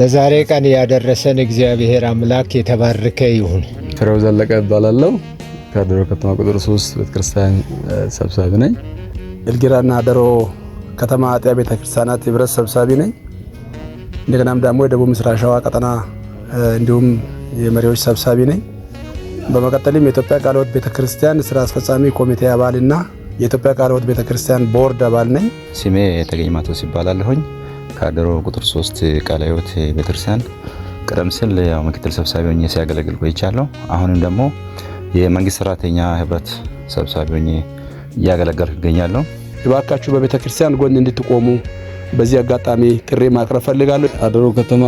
ለዛሬ ቀን ያደረሰን እግዚአብሔር አምላክ የተባረከ ይሁን። ፍሬው ዘለቀ እባላለሁ። ከድሮ ከተማ ቁጥር 3 ቤተክርስቲያን ሰብሳቢ ነኝ። ኤልጊራና ደሮ ከተማ አጥቢያ ቤተክርስቲያናት ህብረት ሰብሳቢ ነኝ። እንደገናም ደግሞ የደቡብ ምስራቅ ሸዋ ቀጠና እንዲሁም የመሪዎች ሰብሳቢ ነኝ። በመቀጠልም የኢትዮጵያ ቃለ ሕይወት ቤተክርስቲያን ስራ አስፈጻሚ ኮሚቴ አባልና የኢትዮጵያ ቃለ ሕይወት ቤተክርስቲያን ቦርድ አባል ነኝ። ስሜ የተገኝ ማቶስ ይባላለሁኝ። ከአገሮ ቁጥር 3 ቃለ ሕይወት ቤተክርስቲያን ቀደም ሲል ያው ምክትል ሰብሳቢ ሆኜ ሲያገለግል ቆይቻለሁ። አሁንም ደግሞ የመንግስት ሰራተኛ ህብረት ሰብሳቢ ሆኜ እያገለገልኩ እገኛለሁ። እባካችሁ በቤተ ክርስቲያን ጎን እንድትቆሙ በዚህ አጋጣሚ ጥሪ ማቅረብ ፈልጋለሁ። አደሮ ከተማ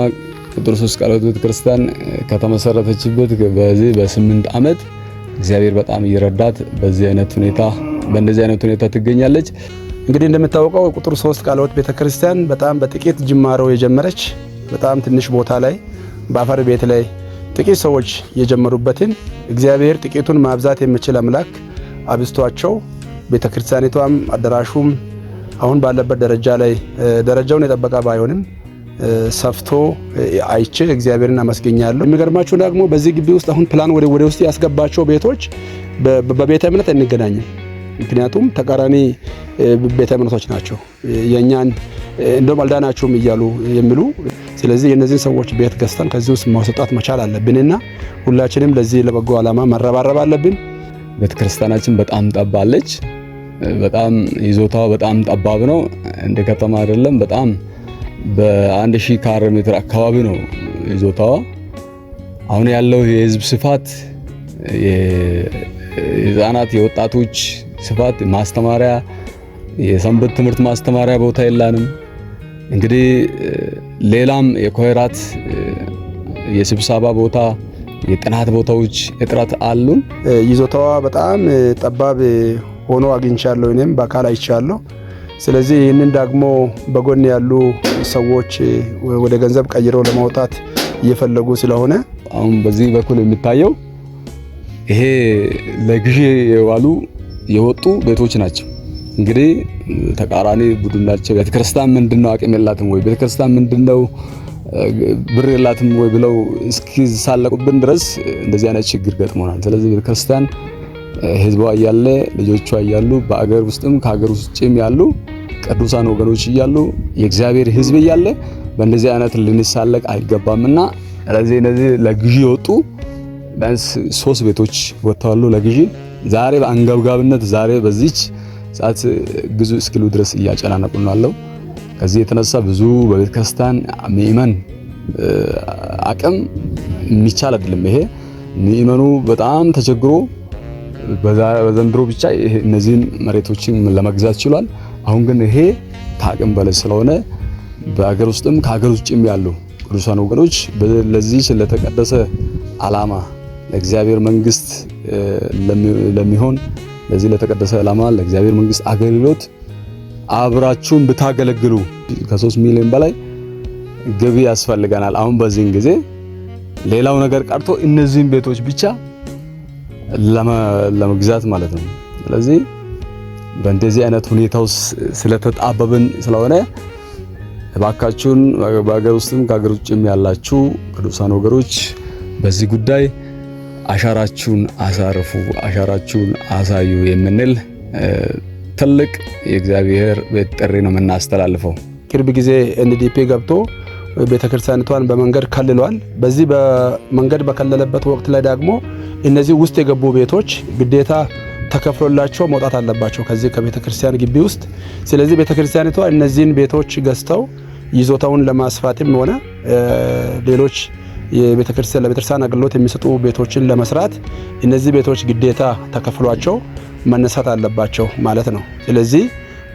ቁጥር 3 ቃለ ሕይወት ቤተክርስቲያን ከተመሰረተችበት በዚህ በስምንት ዓመት እግዚአብሔር በጣም ይረዳት በዚህ አይነት ሁኔታ በእንደዚህ አይነት ሁኔታ ትገኛለች። እንግዲህ እንደሚታወቀው ቁጥር ሶስት ቃለ ሕይወት ቤተክርስቲያን በጣም በጥቂት ጅማሮ የጀመረች በጣም ትንሽ ቦታ ላይ በአፈር ቤት ላይ ጥቂት ሰዎች የጀመሩበትን እግዚአብሔር ጥቂቱን ማብዛት የሚችል አምላክ አብስቷቸው ቤተክርስቲያኒቷም አዳራሹም አሁን ባለበት ደረጃ ላይ ደረጃውን የጠበቀ ባይሆንም ሰፍቶ አይቼ እግዚአብሔርን አመስገኛለሁ። የሚገርማችሁ ደግሞ በዚህ ግቢ ውስጥ አሁን ፕላን ወደ ውስጥ ያስገባቸው ቤቶች በቤተ እምነት እንገናኝም ምክንያቱም ተቃራኒ ቤተ እምነቶች ናቸው የእኛን እንደውም አልዳናችሁም እያሉ የሚሉ ስለዚህ የእነዚህን ሰዎች ቤት ገዝተን ከዚህ ውስጥ ማውሰጣት መቻል አለብንና ሁላችንም ለዚህ ለበጎ ዓላማ መረባረብ አለብን። ቤተክርስቲያናችን በጣም ጠባለች። በጣም ይዞታው በጣም ጠባብ ነው። እንደ ከተማ አይደለም። በጣም በአንድ ሺህ ካሬ ሜትር አካባቢ ነው ይዞታዋ። አሁን ያለው የህዝብ ስፋት የህፃናት የወጣቶች ስፋት ማስተማሪያ የሰንበት ትምህርት ማስተማሪያ ቦታ የላንም። እንግዲህ ሌላም የኮሄራት የስብሰባ ቦታ የጥናት ቦታዎች እጥረት አሉን። ይዞታዋ በጣም ጠባብ ሆኖ አግኝቻለሁ፣ እኔም በአካል አይቻለሁ። ስለዚህ ይህንን ደግሞ በጎን ያሉ ሰዎች ወደ ገንዘብ ቀይረው ለማውጣት እየፈለጉ ስለሆነ አሁን በዚህ በኩል የሚታየው ይሄ ለግዢ የዋሉ የወጡ ቤቶች ናቸው። እንግዲህ ተቃራኒ ቡድን ናቸው። ቤተክርስቲያን ምንድነው አቅም የላትም ወይ ቤተክርስቲያን ምንድነው ብር የላትም ወይ ብለው እስኪሳለቁብን ድረስ እንደዚህ አይነት ችግር ገጥሞናል። ስለዚህ ቤተክርስቲያን ህዝቧ እያለ ልጆቿ እያሉ በአገር ውስጥም ከአገር ውስጥም ያሉ ቅዱሳን ወገኖች እያሉ የእግዚአብሔር ህዝብ እያለ በእንደዚህ አይነት ልንሳለቅ አይገባምና ስለዚህ እነዚህ ለግዢ የወጡ ቢያንስ ሶስት ቤቶች ወጥተዋሉ ለግዢ ዛሬ በአንገብጋብነት ዛሬ በዚች ሰዓት ግዙ እስኪሉ ድረስ እያጨናነቁ ነው አለው። ከዚህ የተነሳ ብዙ በቤተ ክርስቲያን ምእመን አቅም የሚቻል አይደለም። ይሄ ምእመኑ በጣም ተቸግሮ በዘንድሮ ብቻ እነዚህን መሬቶችን ለመግዛት ችሏል። አሁን ግን ይሄ ከአቅም በላይ ስለሆነ በሀገር ውስጥም ከሀገር ውጭም ያሉ ቅዱሳን ወገኖች ለዚህ ለተቀደሰ ዓላማ ለእግዚአብሔር መንግስት ለሚሆን ለዚህ ለተቀደሰ ዓላማ ለእግዚአብሔር መንግስት አገልግሎት አብራችሁን ብታገለግሉ ከሶስት ሚሊዮን በላይ ግቢ ያስፈልገናል። አሁን በዚህን ጊዜ ሌላው ነገር ቀርቶ እነዚህን ቤቶች ብቻ ለመግዛት ማለት ነው። ስለዚህ በእንደዚህ አይነት ሁኔታው ስለተጣበብን ስለሆነ እባካችሁን በሀገር ውስጥም ከሀገር ውጭም ያላችሁ ቅዱሳን ወገኖች በዚህ ጉዳይ አሻራችሁን አሳርፉ፣ አሻራችሁን አሳዩ የምንል ትልቅ የእግዚአብሔር ቤት ጥሪ ነው የምናስተላልፈው። ቅርብ ጊዜ ኤንዲፒ ገብቶ ቤተክርስቲያኒቷን በመንገድ ከልሏል። በዚህ በመንገድ በከለለበት ወቅት ላይ ደግሞ እነዚህ ውስጥ የገቡ ቤቶች ግዴታ ተከፍሎላቸው መውጣት አለባቸው ከዚህ ከቤተክርስቲያን ግቢ ውስጥ። ስለዚህ ቤተክርስቲያኒቷ እነዚህን ቤቶች ገዝተው ይዞታውን ለማስፋትም ሆነ ሌሎች የቤተክርስቲያን ለቤተክርስቲያን አገልግሎት የሚሰጡ ቤቶችን ለመስራት እነዚህ ቤቶች ግዴታ ተከፍሏቸው መነሳት አለባቸው ማለት ነው። ስለዚህ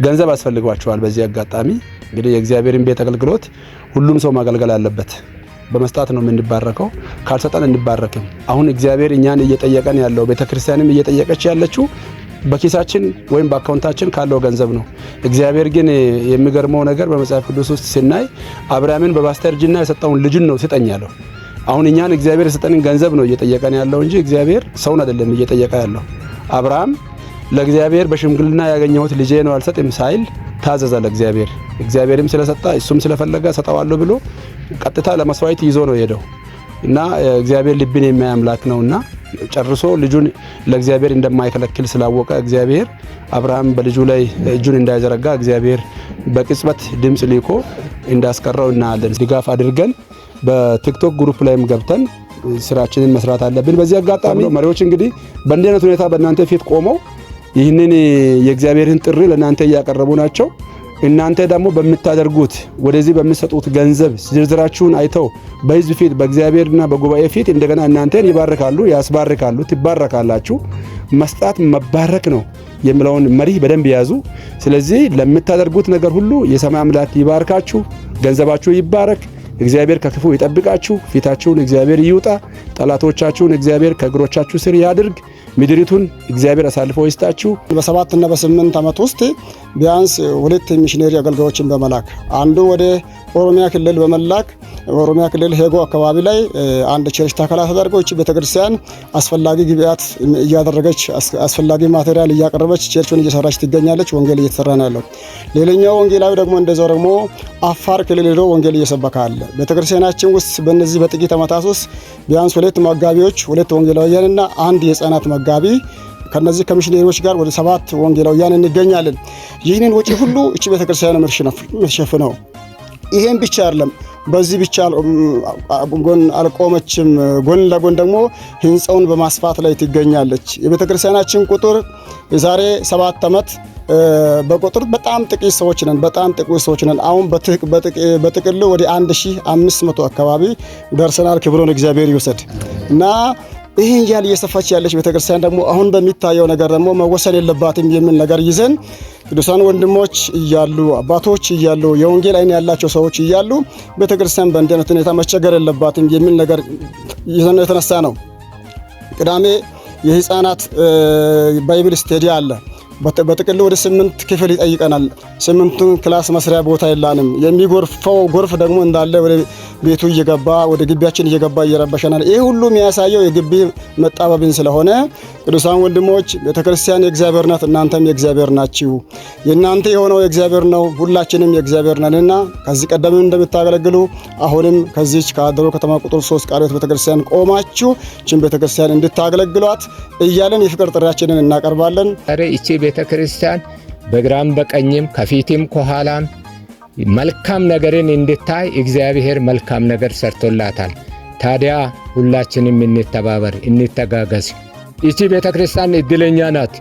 ገንዘብ አስፈልጓቸዋል። በዚህ አጋጣሚ እንግዲህ የእግዚአብሔርን ቤት አገልግሎት ሁሉም ሰው ማገልገል አለበት። በመስጣት ነው የምንባረከው፣ ካልሰጠን እንባረክም። አሁን እግዚአብሔር እኛን እየጠየቀን ያለው ቤተክርስቲያንም እየጠየቀች ያለችው በኪሳችን ወይም በአካውንታችን ካለው ገንዘብ ነው። እግዚአብሔር ግን የሚገርመው ነገር በመጽሐፍ ቅዱስ ውስጥ ሲናይ አብርሃምን በባስተርጅና የሰጠውን ልጅን ነው ስጠኝ ያለው። አሁን እኛን እግዚአብሔር የሰጠንን ገንዘብ ነው እየጠየቀን ያለው እንጂ እግዚአብሔር ሰውን አይደለም እየጠየቀ ያለው። አብርሃም ለእግዚአብሔር በሽምግልና ያገኘሁት ልጄ ነው አልሰጥም ሳይል ታዘዘ ለእግዚአብሔር። እግዚአብሔርም ስለሰጣ እሱም ስለፈለገ ሰጠዋለሁ ብሎ ቀጥታ ለመስዋዕት ይዞ ነው ሄደው እና እግዚአብሔር ልብን የሚያይ አምላክ ነውና ጨርሶ ልጁን ለእግዚአብሔር እንደማይከለክል ስላወቀ እግዚአብሔር አብርሃም በልጁ ላይ እጁን እንዳይዘረጋ እግዚአብሔር በቅጽበት ድምፅ ልኮ እንዳስቀረው እናያለን። ድጋፍ አድርገን በቲክቶክ ግሩፕ ላይም ገብተን ስራችንን መስራት አለብን። በዚህ አጋጣሚ መሪዎች እንግዲህ በእንዲህ አይነት ሁኔታ በእናንተ ፊት ቆመው ይህንን የእግዚአብሔርን ጥሪ ለእናንተ እያቀረቡ ናቸው። እናንተ ደግሞ በምታደርጉት ወደዚህ በምሰጡት ገንዘብ ዝርዝራችሁን አይተው በህዝብ ፊት በእግዚአብሔርና በጉባኤ ፊት እንደገና እናንተን ይባርካሉ፣ ያስባርካሉ፣ ትባረካላችሁ። መስጣት መባረክ ነው የሚለውን መሪ በደንብ ያዙ። ስለዚህ ለምታደርጉት ነገር ሁሉ የሰማይ አምላክ ይባርካችሁ፣ ገንዘባችሁ ይባረክ። እግዚአብሔር ከክፉ ይጠብቃችሁ። ፊታችሁን እግዚአብሔር ይውጣ። ጠላቶቻችሁን እግዚአብሔር ከእግሮቻችሁ ስር ያድርግ። ምድሪቱን እግዚአብሔር አሳልፎ ይስጣችሁ። በሰባት እና በስምንት ዓመት ውስጥ ቢያንስ ሁለት ሚሽነሪ አገልጋዮችን በመላክ አንዱ ወደ ኦሮሚያ ክልል በመላክ ኦሮሚያ ክልል ሄጎ አካባቢ ላይ አንድ ቸርች ተከላ ተደርጎ እቺ ቤተክርስቲያን አስፈላጊ ግብዓት እያደረገች አስፈላጊ ማቴሪያል እያቀረበች ቸርቹን እየሰራች ትገኛለች። ወንጌል እየተሰራ ነው ያለው። ሌላኛው ወንጌላዊ ደግሞ እንደዛው ደግሞ አፋር ክልል ሄዶ ወንጌል እየሰበከ አለ። ቤተክርስቲያናችን ውስጥ በእነዚህ በጥቂት ዓመታት ውስጥ ቢያንስ ሁለት መጋቢዎች፣ ሁለት ወንጌላውያንና አንድ የህፃናት መጋቢ ከነዚህ ከሚሽነሪዎች ጋር ወደ ሰባት ወንጌላውያን እንገኛለን። ይህንን ወጪ ሁሉ እቺ ቤተክርስቲያን ነው የምትሸፍነው። ይሄን ብቻ አይደለም። በዚህ ብቻ ጎን አልቆመችም። ጎን ለጎን ደግሞ ህንፃውን በማስፋት ላይ ትገኛለች። የቤተ ክርስቲያናችን ቁጥር የዛሬ ሰባት ዓመት በቁጥር በጣም ጥቂት ሰዎች ነን፣ በጣም ጥቂት ሰዎች ነን። አሁን በጥቅሉ ወደ 1500 አካባቢ ደርሰናል። ክብሩን እግዚአብሔር ይውሰድ እና ይህን ያህል እየሰፋች ያለች ቤተክርስቲያን ደግሞ አሁን በሚታየው ነገር ደግሞ መወሰን የለባትም የሚል ነገር ይዘን ቅዱሳን ወንድሞች እያሉ አባቶች እያሉ የወንጌል አይን ያላቸው ሰዎች እያሉ ቤተክርስቲያን በእንዲህ ሁኔታ መቸገር የለባትም የሚል ነገር ይዘን የተነሳ ነው። ቅዳሜ የህፃናት ባይብል ስቴዲ አለ። በጥቅል ወደ ስምንት ክፍል ይጠይቀናል። ስምንቱን ክላስ መስሪያ ቦታ የላንም። የሚጎርፈው ጎርፍ ደግሞ እንዳለ ወደ ቤቱ እየገባ ወደ ግቢያችን እየገባ እየረበሸናል። ይህ ሁሉ የሚያሳየው የግቢ መጣበብን ስለሆነ ቅዱሳን ወንድሞች፣ ቤተክርስቲያን ክርስቲያን የእግዚአብሔር ናት፣ እናንተም የእግዚአብሔር ናችሁ። የእናንተ የሆነው የእግዚአብሔር ነው፣ ሁላችንም የእግዚአብሔር ነንና ከዚህ ቀደምም እንደምታገለግሉ አሁንም ከዚች ከአደሮ ከተማ ቁጥር ሶስት ቃሪት ቤተክርስቲያን ቆማችሁ ችን ቤተክርስቲያን እንድታገለግሏት እያለን የፍቅር ጥሪያችንን እናቀርባለን። ቤተ ክርስቲያን በግራም በቀኝም ከፊትም ከኋላም መልካም ነገርን እንድታይ እግዚአብሔር መልካም ነገር ሰርቶላታል። ታዲያ ሁላችንም እንተባበር፣ እንተጋገዝ። ይቺ ቤተ ክርስቲያን እድለኛ ናት።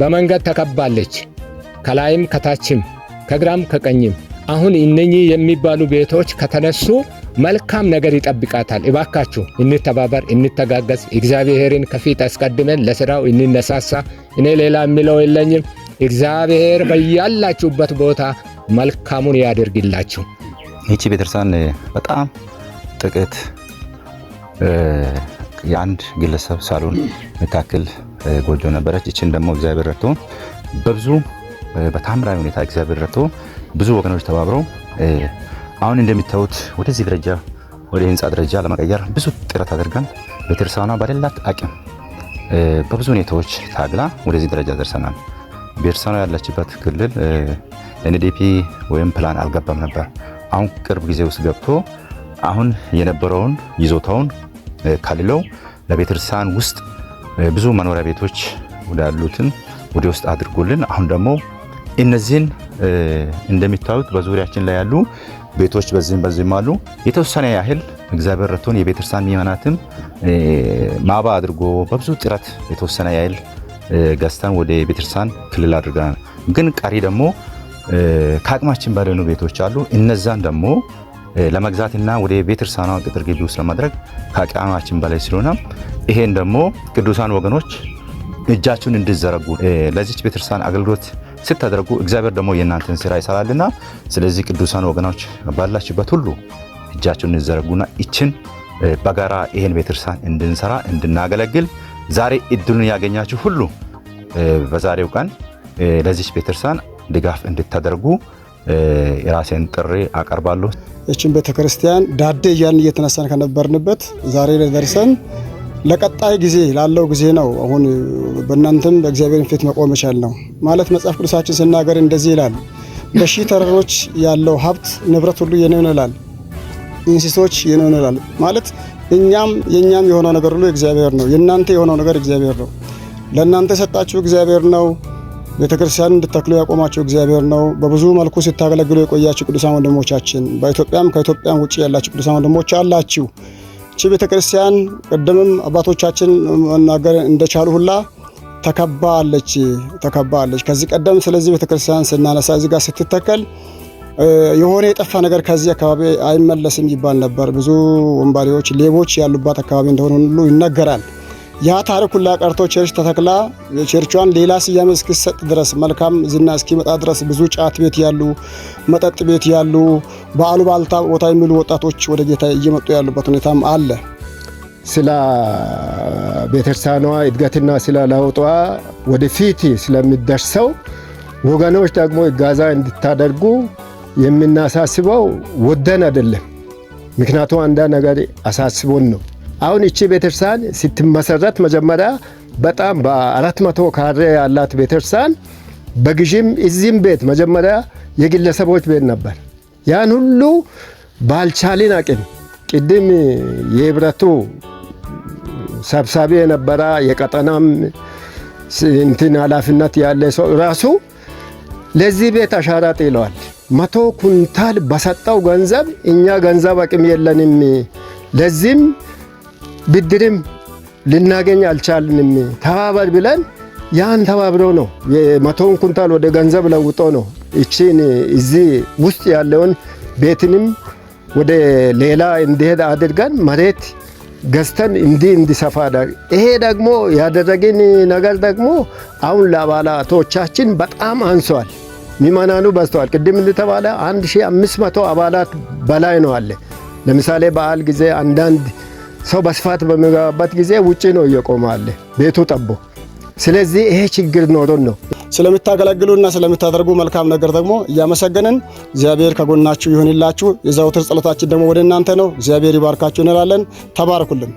በመንገድ ተከባለች፣ ከላይም ከታችም፣ ከግራም ከቀኝም። አሁን እነኚህ የሚባሉ ቤቶች ከተነሱ መልካም ነገር ይጠብቃታል። እባካችሁ እንተባበር፣ እንተጋገዝ። እግዚአብሔርን ከፊት አስቀድመን ለስራው እንነሳሳ። እኔ ሌላ የሚለው የለኝም። እግዚአብሔር በያላችሁበት ቦታ መልካሙን ያደርግላችሁ። ይቺ ቤተክርስቲያን በጣም ጥቂት የአንድ ግለሰብ ሳሎን የታክል ጎጆ ነበረች። ይችን ደግሞ እግዚአብሔር ረድቶ በብዙ በታምራዊ ሁኔታ እግዚአብሔር ረድቶ ብዙ ወገኖች ተባብረው አሁን እንደሚታዩት ወደዚህ ደረጃ ወደ ህንፃ ደረጃ ለመቀየር ብዙ ጥረት አድርገን ቤተርሳና ባደላት አቅም በብዙ ሁኔታዎች ታግላ ወደዚህ ደረጃ ደርሰናል። ቤተርሳና ያለችበት ክልል ኤንዲፒ ወይም ፕላን አልገባም ነበር። አሁን ቅርብ ጊዜ ውስጥ ገብቶ አሁን የነበረውን ይዞታውን ከልለው ለቤተርሳን ውስጥ ብዙ መኖሪያ ቤቶች ወዳሉትን ወደ ውስጥ አድርጎልን አሁን ደግሞ እነዚህን እንደሚታዩት በዙሪያችን ላይ ያሉ ቤቶች በዚህም በዚህም አሉ። የተወሰነ ያህል እግዚአብሔር ረድቶን የቤተክርስቲያን ምዕመናትም ማባ አድርጎ በብዙ ጥረት የተወሰነ ያህል ገዝተን ወደ ቤተክርስቲያን ክልል አድርገናል። ግን ቀሪ ደግሞ ከአቅማችን በሌሉ ቤቶች አሉ። እነዛን ደግሞ ለመግዛትና ወደ ቤተክርስቲያኗ ቅጥር ግቢ ውስጥ ለማድረግ ከአቅማችን በላይ ስለሆነ ይሄን ደግሞ ቅዱሳን ወገኖች እጃችሁን እንድዘረጉ ለዚች ቤተክርስቲያን አገልግሎት ስታደርጉ እግዚአብሔር ደግሞ የእናንተን ስራ ይሰራልና፣ ስለዚህ ቅዱሳን ወገኖች ባላችሁበት ሁሉ እጃችሁን እንዘረጉና ይችን በጋራ ይሄን ቤተክርስቲያን እንድንሰራ እንድናገለግል ዛሬ እድሉን ያገኛችሁ ሁሉ በዛሬው ቀን ለዚች ቤተክርስቲያን ድጋፍ እንድታደርጉ የራሴን ጥሪ አቀርባለሁ። እችን ቤተክርስቲያን ዳዴ እያልን እየተነሳን ከነበርንበት ዛሬ ደርሰን ለቀጣይ ጊዜ ላለው ጊዜ ነው። አሁን በእናንተም በእግዚአብሔር ፊት መቆም መቻል ነው ማለት መጽሐፍ ቅዱሳችን ስናገር እንደዚህ ይላል፣ በሺህ ተረሮች ያለው ሀብት ንብረት ሁሉ የኔ ነው ይላል፣ እንስሶች የኔ ነው ይላል። ማለት እኛም የእኛም የሆነው ነገር ሁሉ እግዚአብሔር ነው። የእናንተ የሆነው ነገር እግዚአብሔር ነው። ለእናንተ የሰጣችሁ እግዚአብሔር ነው። ቤተክርስቲያን እንድተክሉ ያቆማችሁ እግዚአብሔር ነው። በብዙ መልኩ ሲታገለግሉ የቆያችሁ ቅዱሳን ወንድሞቻችን፣ በኢትዮጵያም ከኢትዮጵያም ውጭ ያላችሁ ቅዱሳን ወንድሞች አላችሁ። እቺ ቤተክርስቲያን ቅድምም አባቶቻችን መናገር እንደቻሉ ሁላ ተከባለች ተከባለች። ከዚህ ቀደም ስለዚህ ቤተክርስቲያን ስናነሳ እዚህ ጋር ስትተከል የሆነ የጠፋ ነገር ከዚህ አካባቢ አይመለስም ይባል ነበር። ብዙ ወንባሪዎች፣ ሌቦች ያሉባት አካባቢ እንደሆነ ሁሉ ይነገራል። ያ ታሪክ ሁላ ቀርቶ ቸርች ተተክላ ቸርቿን ሌላ ስያሜ እስኪሰጥ ድረስ መልካም ዝና እስኪመጣ ድረስ ብዙ ጫት ቤት ያሉ፣ መጠጥ ቤት ያሉ፣ ባልታ ቦታ የሚሉ ወጣቶች ወደ ጌታ እየመጡ ያሉበት ሁኔታም አለ። ስለ ቤተክርስቲያኗ እድገትና ስለ ለውጧ ወደፊት ስለሚደርሰው ወገኖች ደግሞ እገዛ እንድታደርጉ የምናሳስበው ወደን አይደለም። ምክንያቱም አንዳንድ ነገር አሳስቦን ነው አሁን እቺ ቤተክርስቲያን ስትመሰረት መጀመሪያ በጣም በአራት መቶ ካሬ ያላት ቤተክርስቲያን በግዥም እዚህም ቤት መጀመሪያ የግለሰቦች ቤት ነበር። ያን ሁሉ ባልቻልን አቅም ቅድም የህብረቱ ሰብሳቢ የነበረ የቀጠናም እንትን ኃላፊነት ያለ ሰው ራሱ ለዚህ ቤት አሻራ ጥለዋል። መቶ ኩንታል በሰጠው ገንዘብ እኛ ገንዘብ አቅም የለንም ለዚህም ብድርም ልናገኝ አልቻልንም። ተባበር ብለን ያን ተባብሮ ነው የመቶውን ኩንታል ወደ ገንዘብ ለውጦ ነው እቺን እዚህ ውስጥ ያለውን ቤትንም ወደ ሌላ እንዲሄድ አድርገን መሬት ገዝተን እንዲህ እንዲሰፋ ይሄ ደግሞ ያደረግን ነገር ደግሞ አሁን ለአባላቶቻችን በጣም አንሷል። ሚመናኑ በዝተዋል። ቅድም እንደተባለ 1500 አባላት በላይ ነው አለ። ለምሳሌ በዓል ጊዜ አንዳንድ ሰው በስፋት በሚገባበት ጊዜ ውጭ ነው እየቆማለ ቤቱ ጠቦ። ስለዚህ ይሄ ችግር ኖሮን ነው። ስለምታገለግሉና ስለምታደርጉ መልካም ነገር ደግሞ እያመሰገንን እግዚአብሔር ከጎናችሁ ይሁንላችሁ። የዘወትር ጸሎታችን ደግሞ ወደ እናንተ ነው። እግዚአብሔር ይባርካችሁ እንላለን። ተባርኩልን።